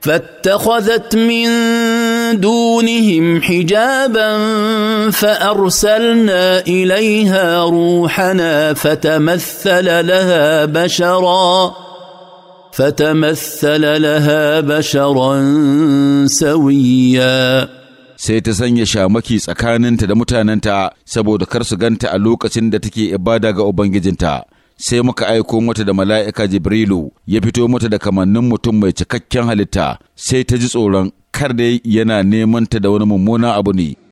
فاتخذت من دونهم حجابا فارسلنا اليها روحنا فتمثل لها بشرا فتمثل لها بشرا سويا sai ta sanya shamaki tsakaninta da mutanenta saboda kar su ganta a lokacin da take ibada ga Ubangijinta. sai muka aiko mata da mala'ika Jibrilu ya fito mata da kamannin mutum mai cikakken halitta sai ta ji tsoron kar dai yana neman ta da wani mummuna abu ne.